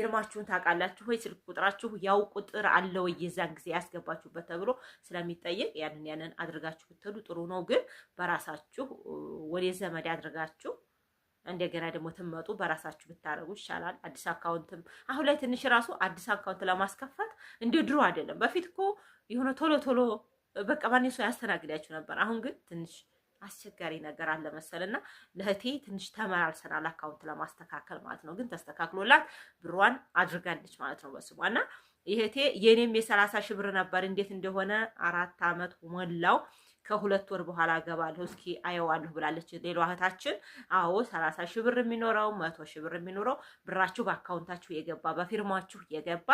ፊርማችሁን ታውቃላችሁ ወይ? ስልክ ቁጥራችሁ ያው ቁጥር አለ ወይ? የዛን ጊዜ ያስገባችሁበት ተብሎ ስለሚጠየቅ ያንን ያንን አድርጋችሁ ብትሄዱ ጥሩ ነው። ግን በራሳችሁ ወደ ዘመድ አድርጋችሁ እንደገና ደግሞ ትመጡ በራሳችሁ ብታደርጉ ይሻላል። አዲስ አካውንትም አሁን ላይ ትንሽ ራሱ አዲስ አካውንት ለማስከፈት እንደ ድሮ አይደለም። በፊት እኮ የሆነ ቶሎ ቶሎ በቃ ማንም ሰው ያስተናግዳችሁ ነበር። አሁን ግን ትንሽ አስቸጋሪ ነገር አለ መሰልና ለእህቴ ትንሽ ተመላልሰናል፣ አካውንት ለማስተካከል ማለት ነው። ግን ተስተካክሎላት ብሯን አድርጋለች ማለት ነው በስሟ እና ይህቴ የኔም የሰላሳ ሺህ ብር ነበር። እንዴት እንደሆነ አራት አመት ሞላው። ከሁለት ወር በኋላ እገባለሁ እስኪ አየዋለሁ ብላለች ሌላ እህታችን። አዎ ሰላሳ ሺህ ብር የሚኖረው መቶ ሺህ ብር የሚኖረው ብራችሁ በአካውንታችሁ የገባ በፊርማችሁ የገባ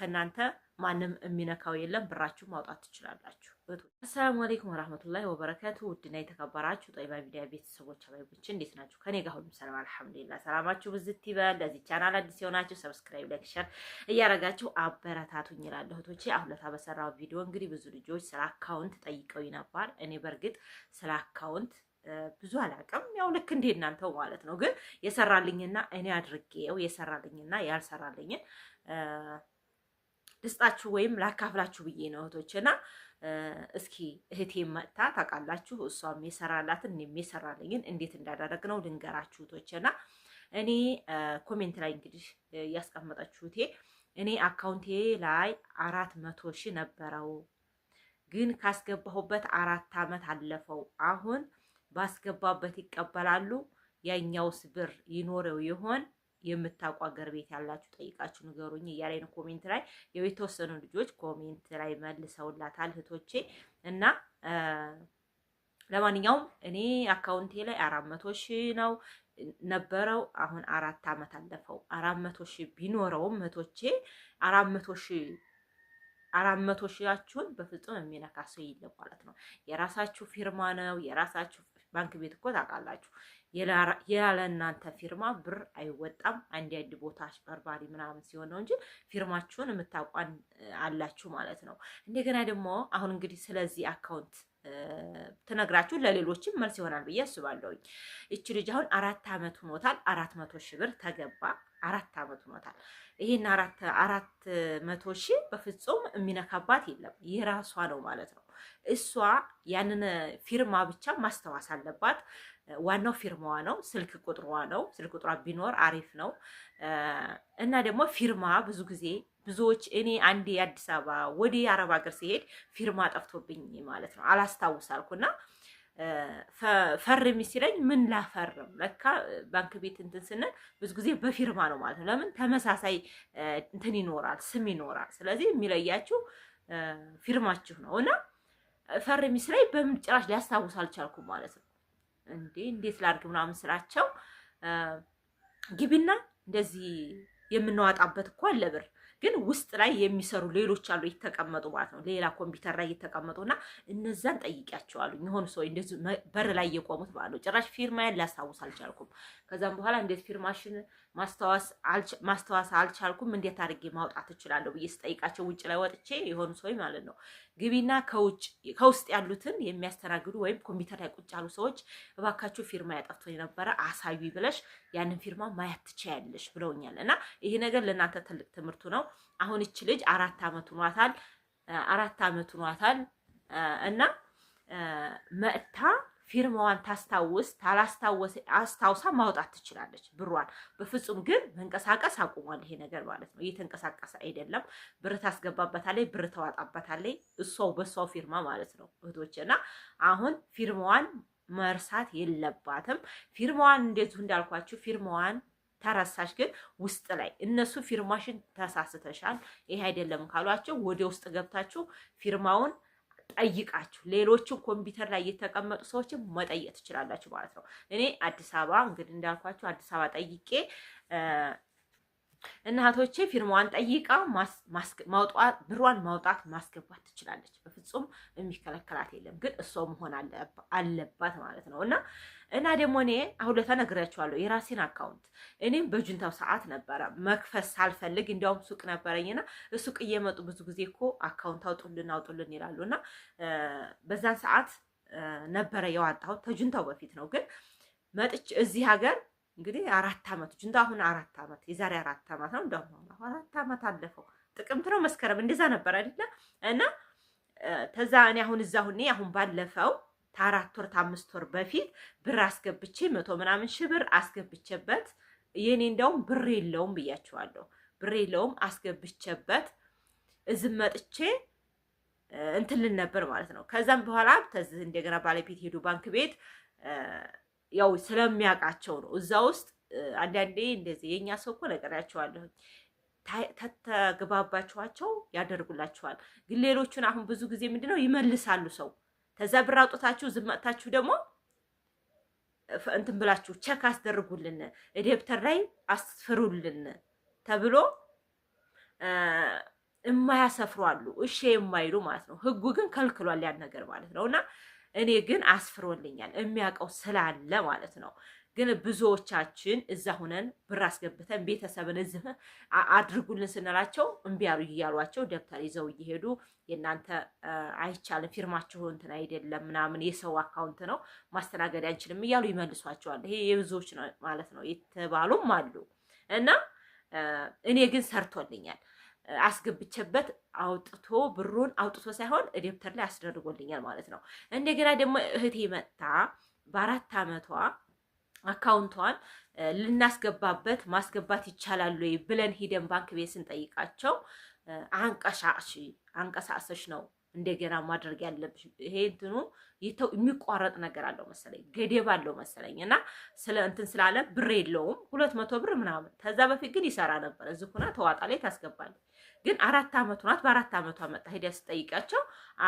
ከእናንተ ማንም የሚነካው የለም። ብራችሁ ማውጣት ትችላላችሁ። አሰላሙ አለይኩም ወራህመቱላሂ ወበረከቱ። ውድና የተከበራችሁ ጠይባ ሚዲያ ቤተሰቦች አባይቦች እንዴት ናችሁ? ከኔ ጋር ሁሉም ሰላም አልሐምዱሊላህ። ሰላማችሁ ብዝት ይበል። ለዚህ ቻናል አዲስ የሆናችሁ ሰብስክራይብ፣ ላይክ፣ ሼር እያረጋችሁ አበረታቱኝ እላለሁ እህቶቼ። አሁን ለታ በሰራው ቪዲዮ እንግዲህ ብዙ ልጆች ስለ አካውንት ጠይቀው ነበር። እኔ በእርግጥ ስለ አካውንት ብዙ አላውቅም። ያው ልክ እንደ እናንተው ማለት ነው። ግን የሰራልኝና እኔ አድርጌው የሰራልኝና ያልሰራልኝን ልስጣችሁ ወይም ላካፍላችሁ ብዬ ነው እህቶች። እና እስኪ እህቴ መጥታ ታውቃላችሁ፣ እሷም የሰራላትን እኔም የሰራልኝን እንዴት እንዳደረግ ነው ልንገራችሁ እህቶች። እና እኔ ኮሜንት ላይ እንግዲህ ያስቀመጠችሁ እኔ አካውንቴ ላይ አራት መቶ ሺህ ነበረው ግን ካስገባሁበት አራት ዓመት አለፈው። አሁን ባስገባበት ይቀበላሉ? ያኛውስ ብር ይኖረው ይሆን? የምታውቁ አገር ቤት ያላችሁ ጠይቃችሁ ንገሩኝ እያለኝ ነው። ኮሜንት ላይ ያው የተወሰኑ ልጆች ኮሜንት ላይ መልሰውላታል እህቶቼ እና ለማንኛውም እኔ አካውንቴ ላይ አራት መቶ ሺህ ነው ነበረው። አሁን አራት አመት አለፈው። አራት መቶ ሺህ ቢኖረውም እህቶቼ አራት መቶ ሺህ አራት መቶ ሺያችሁን በፍጹም የሚነካ ሰው የለም ማለት ነው። የራሳችሁ ፊርማ ነው። የራሳችሁ ባንክ ቤት እኮ ታውቃላችሁ፣ ያለ እናንተ ፊርማ ብር አይወጣም። አንድ አንድ ቦታ አጭበርባሪ ምናምን ሲሆን ነው እንጂ ፊርማችሁን የምታውቋን አላችሁ ማለት ነው። እንደገና ደግሞ አሁን እንግዲህ ስለዚህ አካውንት ትነግራችሁ ለሌሎችም መልስ ይሆናል ብዬ አስባለሁኝ። እቺ ልጅ አሁን አራት አመት ሆኖታል። አራት መቶ ሺህ ብር ተገባ። አራት አመት ሆኖታል። ይህን አራት አራት መቶ ሺህ በፍጹም የሚነካባት የለም። የራሷ ነው ማለት ነው። እሷ ያንን ፊርማ ብቻ ማስታወስ አለባት። ዋናው ፊርማዋ ነው። ስልክ ቁጥሯ ነው። ስልክ ቁጥሯ ቢኖር አሪፍ ነው። እና ደግሞ ፊርማ ብዙ ጊዜ ብዙዎች እኔ አንዴ አዲስ አበባ ወደ አረብ ሀገር ሲሄድ ፊርማ ጠፍቶብኝ ማለት ነው አላስታውስ አልኩና ፈርሚ ሲለኝ ምን ላፈርም? ለካ ባንክ ቤት እንትን ስንል ብዙ ጊዜ በፊርማ ነው ማለት ነው። ለምን ተመሳሳይ እንትን ይኖራል፣ ስም ይኖራል። ስለዚህ የሚለያችሁ ፊርማችሁ ነው እና ፈርሚ ሲለኝ በምን ጭራሽ ሊያስታውስ አልቻልኩም ማለት ነው። እንዴ እንዴት ላድርግ ምናምን ስላቸው ግቢና እንደዚህ የምናዋጣበት እኮ አለ ብር ግን ውስጥ ላይ የሚሰሩ ሌሎች አሉ የተቀመጡ ማለት ነው። ሌላ ኮምፒውተር ላይ የተቀመጡ እና እነዛን ጠይቂያቸዋሉ የሆኑ ሰው እንደዚህ በር ላይ የቆሙት ማለት ነው። ጭራሽ ፊርማ ያን ላስታውስ አልቻልኩም። ከዛም በኋላ እንዴት ፊርማሽን ማስተዋስ አልቻልኩም፣ እንዴት አድርጌ ማውጣት እችላለሁ ብዬ ስጠይቃቸው ውጭ ላይ ወጥቼ የሆኑ ሰዎች ማለት ነው ግቢና ከውስጥ ያሉትን የሚያስተናግዱ ወይም ኮምፒውተር ላይ ቁጭ ያሉ ሰዎች እባካችሁ ፊርማ ያጠፍቶ የነበረ አሳዩ ብለሽ ያንን ፊርማ ማየት ትችያለሽ ብለውኛል። እና ይሄ ነገር ለእናንተ ትልቅ ትምህርቱ ነው። አሁን እች ልጅ አራት ዓመት ኗታል አራት ዓመት ኗታል እና መእታ ፊርማዋን ታስታውስ ታላስታወስ አስታውሳ ማውጣት ትችላለች ብሯን። በፍጹም ግን መንቀሳቀስ አቁሟል ይሄ ነገር ማለት ነው። እየተንቀሳቀሰ አይደለም። ብር ታስገባበታለች፣ ብር ተዋጣበታለች፣ እሷው በእሷው ፊርማ ማለት ነው እህቶች። እና አሁን ፊርማዋን መርሳት የለባትም። ፊርማዋን እንዴት እንዳልኳችሁ ፊርማዋን ተረሳሽ ግን ውስጥ ላይ እነሱ ፊርማሽን ተሳስተሻል፣ ይሄ አይደለም ካሏቸው ወደ ውስጥ ገብታችሁ ፊርማውን ጠይቃችሁ ሌሎችን ኮምፒውተር ላይ የተቀመጡ ሰዎችን መጠየቅ ትችላላችሁ ማለት ነው። እኔ አዲስ አበባ እንግዲህ እንዳልኳችሁ አዲስ አበባ ጠይቄ እናቶቼ ፊርማዋን ጠይቃ ብሯን ማውጣት ማስገባት ትችላለች። በፍጹም የሚከለከላት የለም። ግን እሷ መሆን አለባት ማለት ነው እና እና ደግሞ እኔ አሁን ለታ ነግሬያቸዋለሁ የራሴን አካውንት እኔም በጁንታው ሰዓት ነበረ መክፈት ሳልፈልግ እንዲያውም ሱቅ ነበረኝና ሱቅ እየመጡ ብዙ ጊዜ እኮ አካውንት አውጡልን አውጡልን ይላሉ እና በዛን ሰዓት ነበረ የዋጣሁት ተጁንታው በፊት ነው ግን መጥቼ እዚህ ሀገር እንግዲህ አራት ዓመቶች እንደ አሁን አራት ዓመት የዛሬ አራት ዓመት ነው። እንደሁን አራት ዓመት አለፈው ጥቅምት ነው መስከረም እንደዛ ነበር አይደለ? እና ተዛ እኔ አሁን እዛ ሁኔ አሁን ባለፈው ከአራት ወር ከአምስት ወር በፊት ብር አስገብቼ መቶ ምናምን ሺህ ብር አስገብቼበት የእኔ እንደውም ብር የለውም ብያቸዋለሁ። ብር የለውም አስገብቼበት እዝም መጥቼ እንትልን ነበር ማለት ነው። ከዛም በኋላ እንደገና ባለቤት ሄዱ ባንክ ቤት ያው ስለሚያውቃቸው ነው። እዛ ውስጥ አንዳንዴ እንደዚህ የእኛ ሰው እኮ ነገራቸዋለሁ ተተግባባችኋቸው ያደርጉላችኋል። ግን ሌሎቹን አሁን ብዙ ጊዜ ምንድነው ይመልሳሉ ሰው ከዛ ብር አውጥታችሁ ደግሞ እንትን ብላችሁ ቸክ አስደርጉልን ደብተር ላይ አስፍሩልን ተብሎ የማያሰፍሩ አሉ፣ እሺ የማይሉ ማለት ነው። ህጉ ግን ከልክሏል ያን ነገር ማለት ነው እና እኔ ግን አስፍሮልኛል የሚያውቀው ስላለ ማለት ነው። ግን ብዙዎቻችን እዛ ሁነን ብር አስገብተን ቤተሰብን እዚህ አድርጉልን ስንላቸው እምቢ እያሏቸው ደብተር ይዘው እየሄዱ የእናንተ አይቻልም፣ ፊርማችሁ እንትን አይደለም ምናምን የሰው አካውንት ነው ማስተናገድ አንችልም እያሉ ይመልሷቸዋል። ይሄ የብዙዎች ማለት ነው የተባሉም አሉ እና እኔ ግን ሰርቶልኛል። አስገብቼበት አውጥቶ ብሩን አውጥቶ ሳይሆን ደብተር ላይ አስደርጎልኛል ማለት ነው። እንደገና ደግሞ እህቴ መጥታ በአራት ዓመቷ አካውንቷን ልናስገባበት ማስገባት ይቻላል ብለን ሂደን ባንክ ቤት ስንጠይቃቸው አንቀሳቅሽ አንቀሳቅሰሽ ነው እንደገና ማድረግ ያለብሽ ይሄ እንትኑ ይተው የሚቋረጥ ነገር አለው መሰለኝ ገደብ አለው መሰለኝ እና ስለ እንትን ስላለ ብር የለውም ሁለት መቶ ብር ምናምን። ከዛ በፊት ግን ይሰራ ነበር። እዚህ ሁና ተዋጣ ላይ ታስገባለች። ግን አራት አመቱ ናት። በአራት አመቷ መጣ ሄዳ ስጠይቃቸው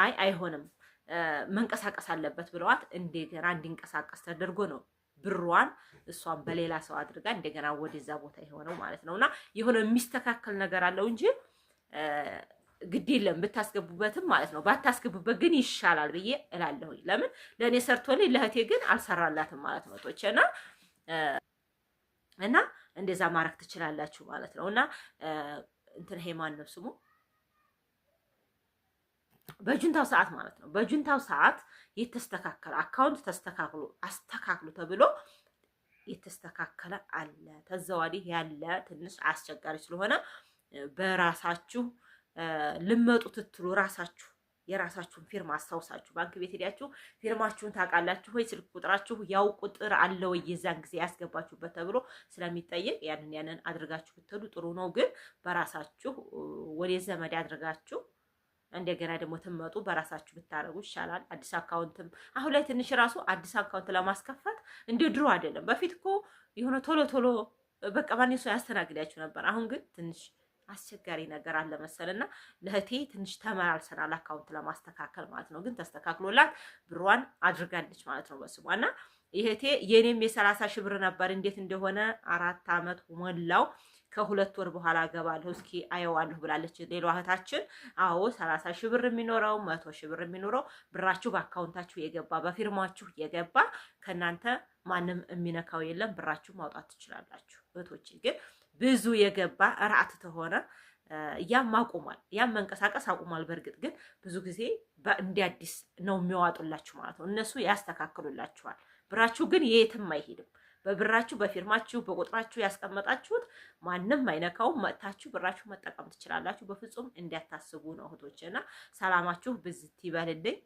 አይ አይሆንም መንቀሳቀስ አለበት ብለዋት እንደገና እንዲንቀሳቀስ ተደርጎ ነው ብሯን እሷን በሌላ ሰው አድርጋ እንደገና ወደዛ ቦታ የሆነው ማለት ነው። እና የሆነ የሚስተካከል ነገር አለው እንጂ ግድ የለም ብታስገቡበትም ማለት ነው። ባታስገቡበት ግን ይሻላል ብዬ እላለሁኝ። ለምን ለእኔ ሰርቶልኝ ለእህቴ ግን አልሰራላትም ማለት ነው። ቶቼና እና እንደዛ ማድረግ ትችላላችሁ ማለት ነው። እና እንትን ሄማን ነው ስሙ በጁንታው ሰዓት ማለት ነው። በጁንታው ሰዓት የተስተካከለ አካውንት ተስተካክሎ አስተካክሎ ተብሎ የተስተካከለ አለ። ተዘዋዋዲ ያለ ትንሽ አስቸጋሪ ስለሆነ በራሳችሁ ልመጡ ትትሉ ራሳችሁ የራሳችሁን ፊርማ አስታውሳችሁ ባንክ ቤት ሄዳችሁ ፊርማችሁን ታውቃላችሁ ወይ? ስልክ ቁጥራችሁ ያው ቁጥር አለ ወይ? የዛን ጊዜ ያስገባችሁበት ተብሎ ስለሚጠየቅ ያንን ያንን አድርጋችሁ ብትሉ ጥሩ ነው። ግን በራሳችሁ ወደ ዘመድ አድርጋችሁ እንደገና ደግሞ ትመጡ በራሳችሁ ብታደረጉ ይሻላል። አዲስ አካውንትም አሁን ላይ ትንሽ ራሱ አዲስ አካውንት ለማስከፈት እንደ ድሮ አይደለም። በፊት እኮ የሆነ ቶሎ ቶሎ በቃ ማን ሰው ያስተናግዳችሁ ነበር። አሁን ግን ትንሽ አስቸጋሪ ነገር አለ መሰል እና ለእህቴ ትንሽ ተመላልሰናል አካውንት ለማስተካከል ማለት ነው። ግን ተስተካክሎላት ብሯን አድርጋለች ማለት ነው በስሟ እና ይህቴ የኔም የሰላሳ ሺህ ብር ነበር። እንዴት እንደሆነ አራት አመት ሞላው። ከሁለት ወር በኋላ ገባለሁ እስኪ አየዋለሁ ብላለች ሌላዋ እህታችን። አዎ ሰላሳ ሺህ ብር የሚኖረው መቶ ሺህ ብር የሚኖረው ብራችሁ በአካውንታችሁ የገባ በፊርማችሁ የገባ ከእናንተ ማንም የሚነካው የለም። ብራችሁ ማውጣት ትችላላችሁ እህቶቼ ግን ብዙ የገባ ራዕት ተሆነ ያም አቁሟል። ያም መንቀሳቀስ አቁሟል። በእርግጥ ግን ብዙ ጊዜ እንደ አዲስ ነው የሚዋጡላችሁ ማለት ነው። እነሱ ያስተካክሉላችኋል። ብራችሁ ግን የትም አይሄድም። በብራችሁ በፊርማችሁ በቁጥራችሁ ያስቀመጣችሁት ማንም አይነካውም። መጥታችሁ ብራችሁ መጠቀም ትችላላችሁ። በፍጹም እንዲያታስቡ ነው እህቶች እና ሰላማችሁ ብዝት ይበልልኝ።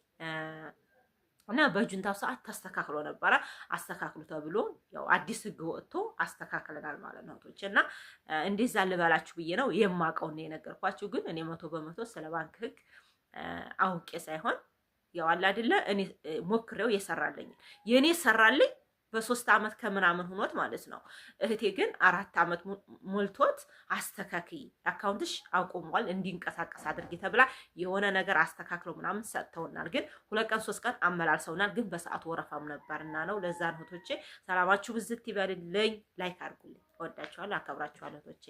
እና በጁንታው ሰዓት ተስተካክሎ ነበረ። አስተካክሉ ተብሎ ያው አዲስ ህግ ወጥቶ አስተካክለናል ማለት ነው እህቶች። እና እንደዛ ልበላችሁ ብዬ ነው የማውቀውን የነገርኳችሁ። ግን እኔ መቶ በመቶ ስለ ባንክ ህግ አውቄ ሳይሆን ያው አለ አይደለ እኔ ሞክሬው የሰራለኝ የእኔ ሰራለኝ በሶስት ዓመት ከምናምን ሁኖት ማለት ነው። እህቴ ግን አራት ዓመት ሞልቶት አስተካክይ አካውንትሽ አቁሟል እንዲንቀሳቀስ አድርጌ ተብላ የሆነ ነገር አስተካክለው ምናምን ሰጥተውናል። ግን ሁለት ቀን ሶስት ቀን አመላልሰውናል። ግን በሰዓቱ ወረፋም ነበርና ነው። ለዛ እህቶቼ ሰላማችሁ ብዝት ይበልልኝ። ላይክ አድርጉልኝ። እወዳችኋለሁ፣ አከብራችኋለሁ እህቶቼ።